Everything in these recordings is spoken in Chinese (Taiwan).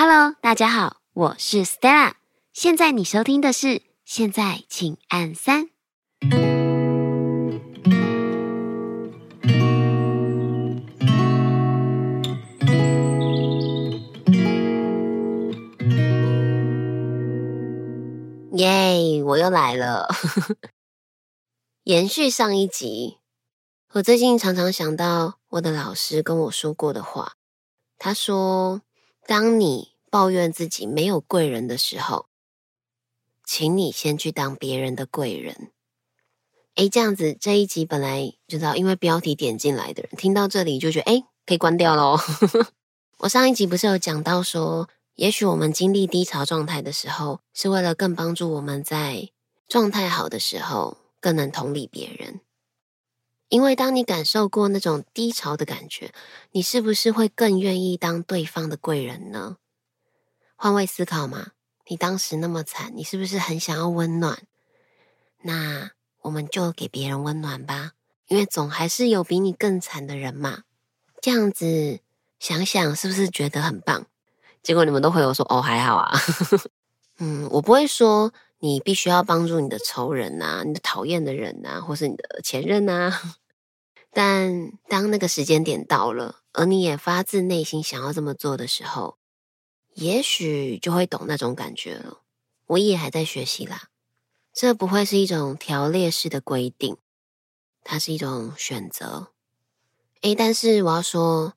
Hello，大家好，我是 Stella。現在你收聽的是，現在請按三。耶，我又來了， 延續上一集。我最近常常想到我的老師跟我說過的話，他說。當你抱怨自己沒有貴人的時候，請你先去當別人的貴人。哎，這樣子這一集本來就知道，因為標題點進來的人聽到這裡就覺得哎，可以關掉咯。 我上一集不是有講到說，也許我們經歷低潮狀態的時候，是為了更幫助我們在狀態好的時候更能同理別人。因為當你感受過那種低潮的感覺，你是不是會更願意當對方的貴人呢？換位思考嘛，你當時那麼慘，你是不是很想要溫暖？那我們就給別人溫暖吧，因為總還是有比你更慘的人嘛。這樣子想想，是不是覺得很棒？結果你們都回我說：“哦，還好啊。 ”嗯，我不會說。你必須要幫助你的仇人吶、啊，你的討厭的人吶、啊，或是你的前任吶、啊。但當那個時間點到了，而你也發自內心想要這麼做的時候，也許就會懂那種感覺了。我也還在學習啦，這不會是一種條列式的規定，它是一種選擇。誒、欸、但是我要說，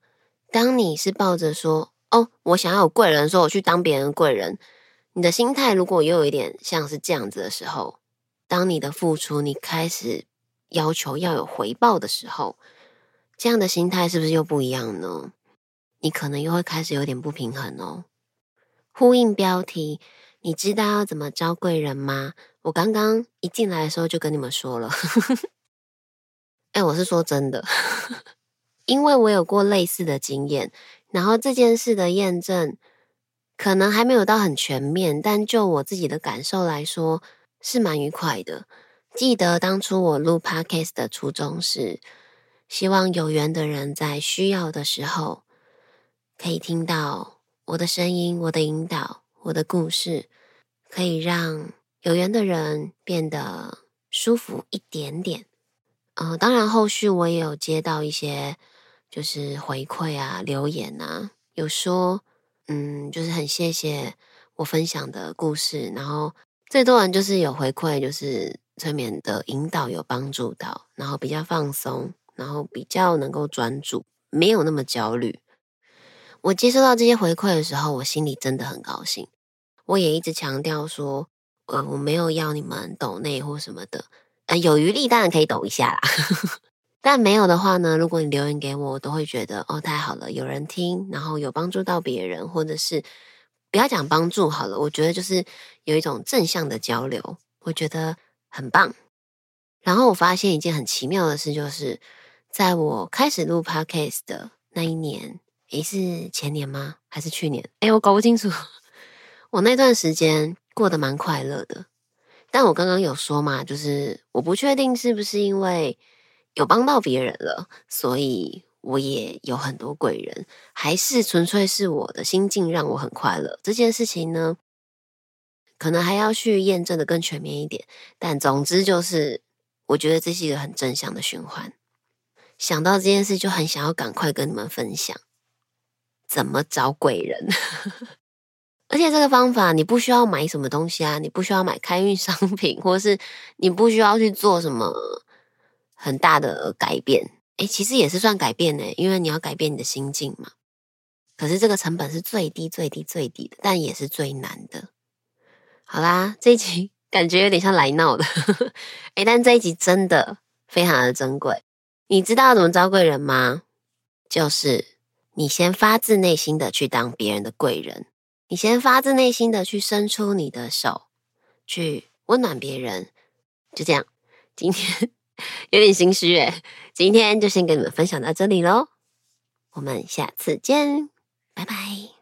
當你是抱着說“哦，我想要有貴人”，說我去當別人的貴人。你的心態如果又有一點像是這樣子的時候，當你的付出你開始要求要有回報的時候，這樣的心態是不是又不一樣呢？你可能又會開始有點不平衡哦。呼應標題，你知道要怎麼招貴人嗎？我剛剛一進來的時候就跟你們說了。哎、 欸，我是說真的， 因為我有過類似的經驗，然後這件事的驗證。可能還沒有到很全面，但就我自己的感受來說，是蠻愉快的。記得當初我錄 Podcast 的初衷是，希望有緣的人在需要的時候，可以聽到我的聲音、我的引導、我的故事，可以讓有緣的人變得舒服一點點。呃，當然後續我也有接到一些就是回饋啊、留言啊，有說。嗯，就是很謝謝我分享的故事，然後最多人就是有回饋，就是催眠的引導有幫助到，然後比較放鬆，然後比較能夠專注，沒有那麼焦慮。我接收到這些回饋的時候，我心裡真的很高興。我也一直強調說，呃，我沒有要你們抖內或什麼的，呃，有餘力當然可以抖一下啦。 但沒有的話呢？如果你留言給我，我都會覺得哦，太好了，有人聽，然後有幫助到別人，或者是不要講幫助好了，我覺得就是有一種正向的交流，我覺得很棒。然後我發現一件很奇妙的事，就是在我開始錄 Podcast 的那一年，誒，是前年嗎？還是去年？哎，我搞不清楚。 我那段時間過得蠻快樂的，但我剛剛有說嘛，就是我不確定是不是因為。有幫到別人了，所以我也有很多貴人，還是純粹是我的心境讓我很快樂。這件事情呢，可能還要去驗證得更全面一點，但總之就是，我覺得這是一個很正向的循環。想到這件事，就很想要趕快跟你們分享怎麼找貴人， 而且這個方法你不需要買什麼東西啊，你不需要買開運商品，或是你不需要去做什麼。很大的改變，誒、欸、其實也是算改變的，因為你要改變你的心境嘛。可是這個成本是最低、最低、最低的，但也是最難的。好啦，這一集感覺有點像來鬧的，誒、 欸、但這一集真的非常的珍貴。你知道怎麼招貴人嗎？就是你先發自內心的去當別人的貴人，你先發自內心的去伸出你的手，去溫暖別人，就這樣，今天。 有點心虛誒，今天就先跟你們分享到這裡嘍。我們下次見，拜拜。